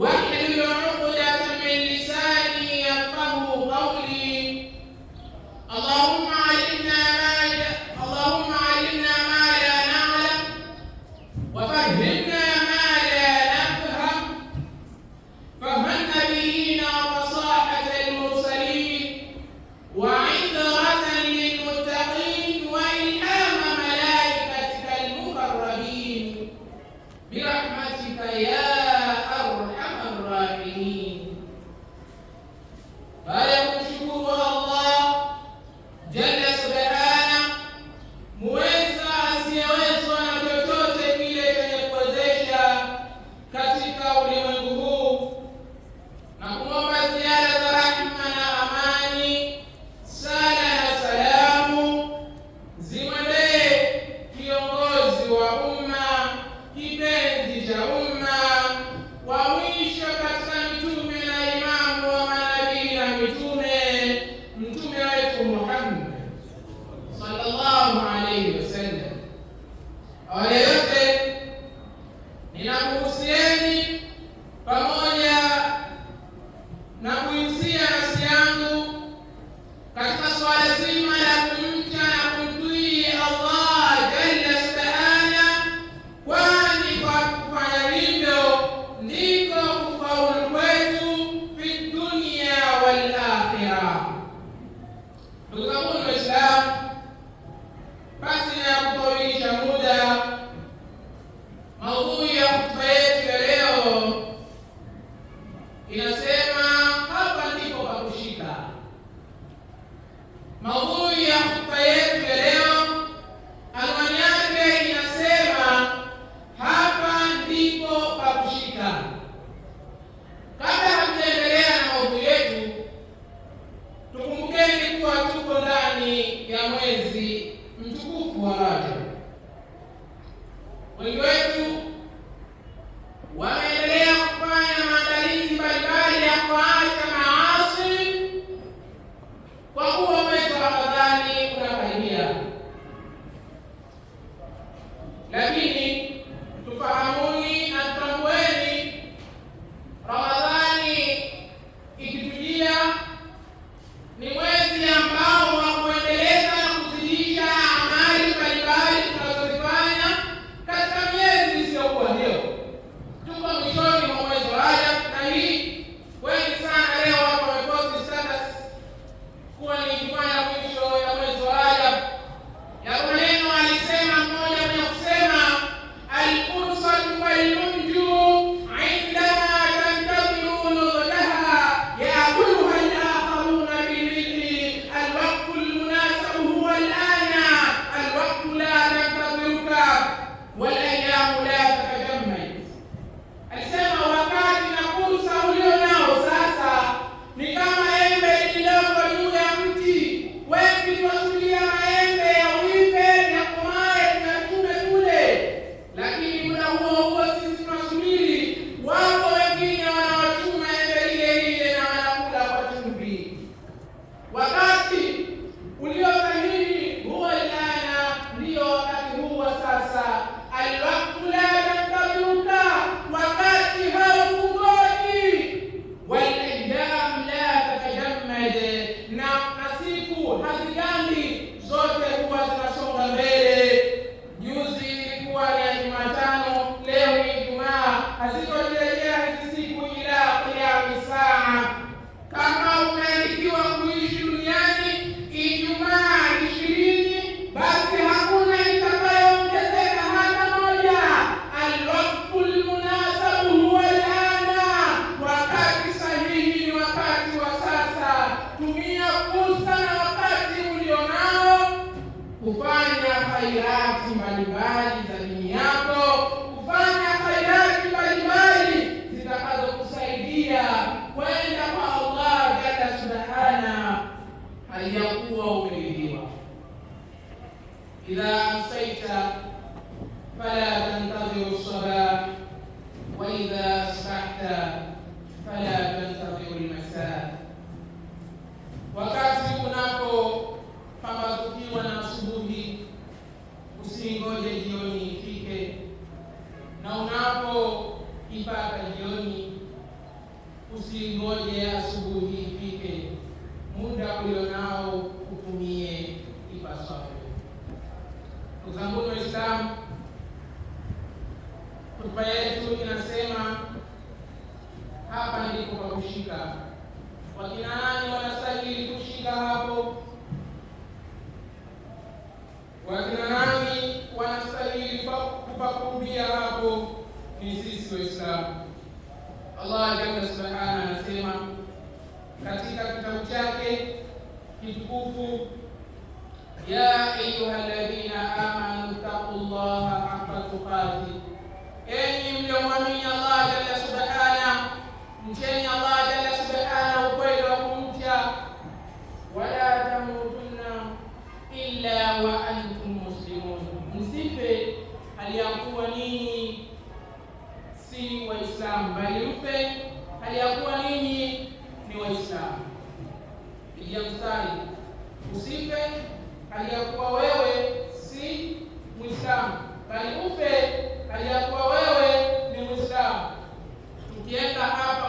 What? kufanya khairati mbalimbali za dini yako, kufanya khairati mbalimbali zitakazokusaidia kwenda kwa Allah jalla subhana, haliyakuwa umeridhiwa. Idha amsaita fala tantadhiru salah wa idha sahta fala usingoje asubuhi ifike. Muda ulionao utumie ipasavyo. Ndugu zangu Waislamu, yetu inasema hapa ndipo pa kushika. Wakina nani wanastahili kushika hapo? Wakina nani wanastahili kupakumbia hapo? Ni sisi Waislamu. Allah jalla subhanahu anasema katika kitabu chake kitukufu, ya ayuha alladhina amanu taqullaha haqqa tuqati, enyi mliomwamini Allah jalla subhanahu, mcheni Allah jalla subhanahu ukweli wa kumcha, wala tamutunna illa wa antum muslimun, msife hali ya kuwa ninyi si Waislamu, bali mpe hali ya kuwa ninyi ni Waislamu. Pigia mstari, usipe hali ya kuwa wewe si muislamu bali mpe hali ya kuwa wewe ni muislamu Tukienda hapa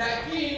lakini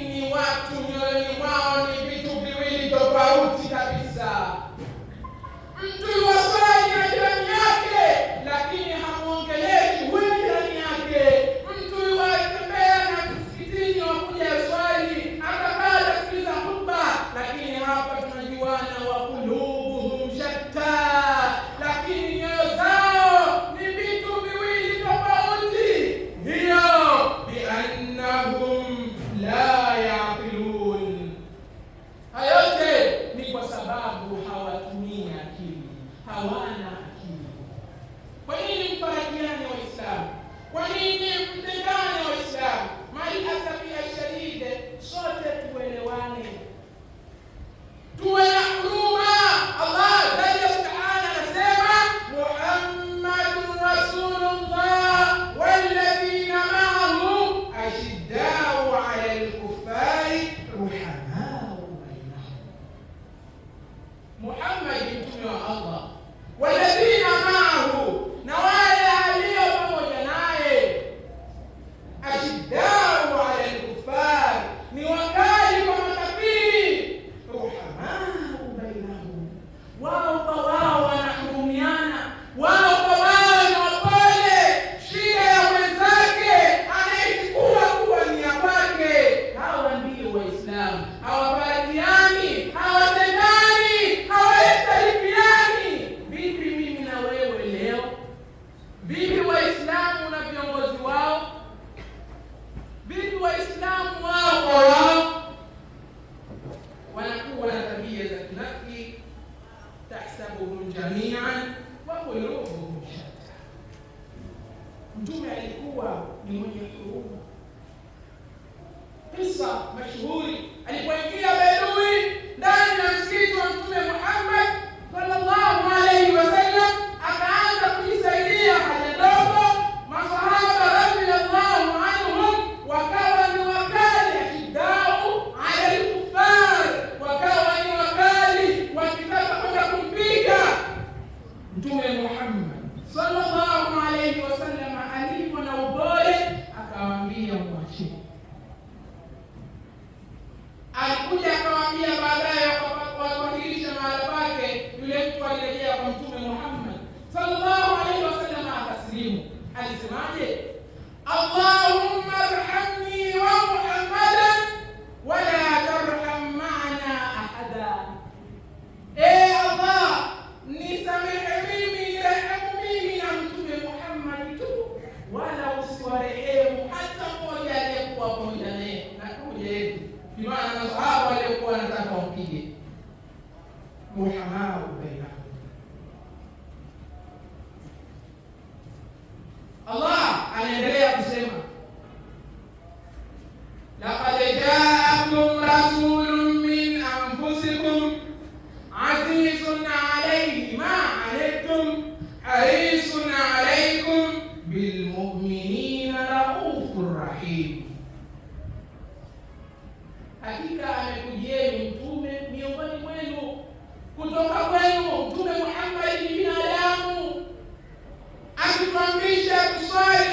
sallallahu alaihi wasallam akasilimu. Alisemaje? Allah bilmuminina raufur rahim, hakika amekujieni mtume miongoni mwenu kutoka kwenu, Mtume Muhammad bin binadamu akituambisha kuswali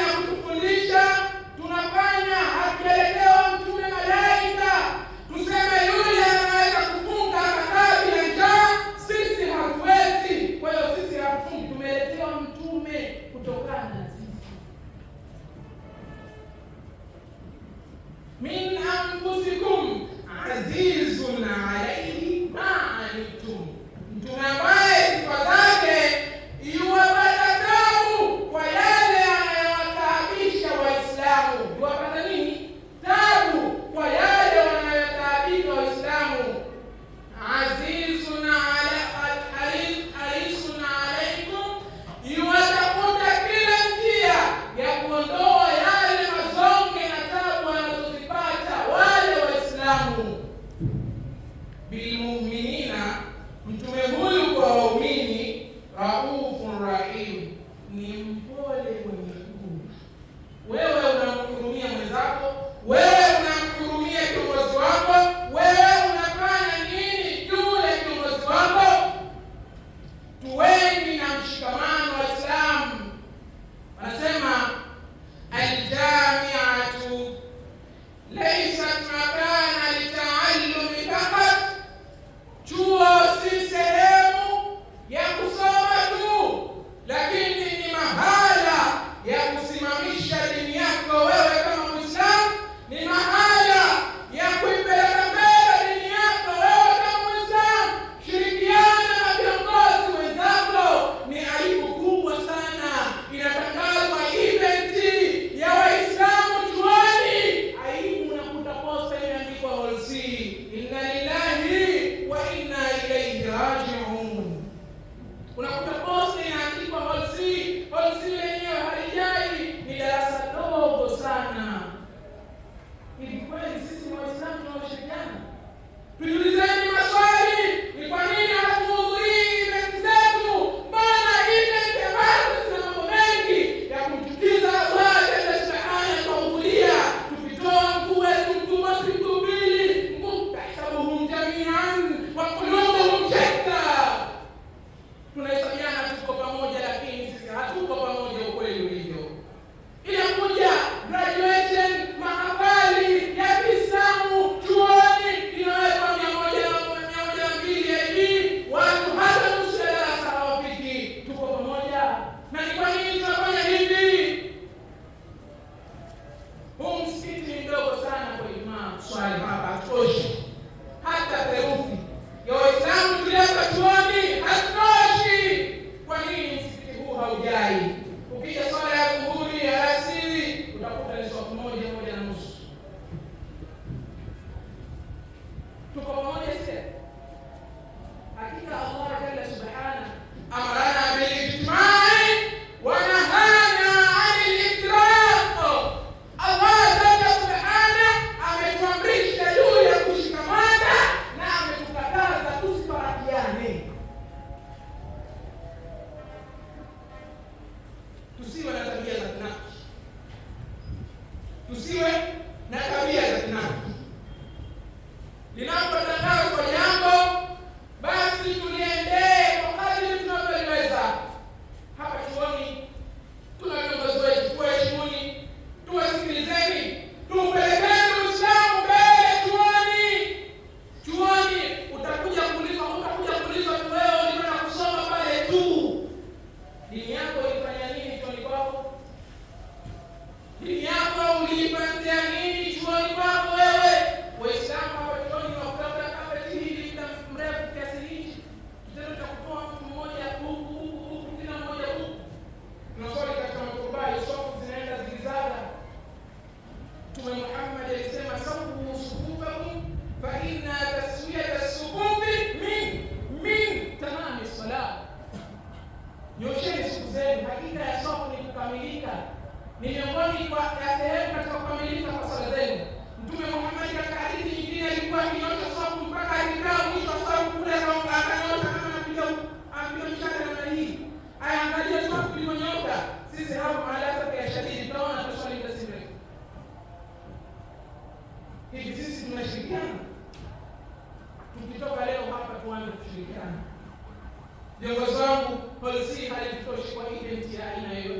how hali kutoshwa ile mtihani inayo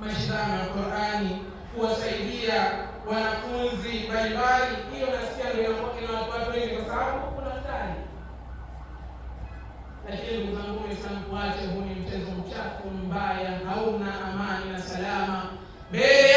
mashindano ya Qur'ani, kuwasaidia wanafunzi mbalimbali. Hiyo nasikia ndio ina watu wengi, kwa sababu kuna mtani. Lakini ndugu zangu Waislamu, kuache huu ni mchezo mchafu mbaya, hauna amani na salama mbele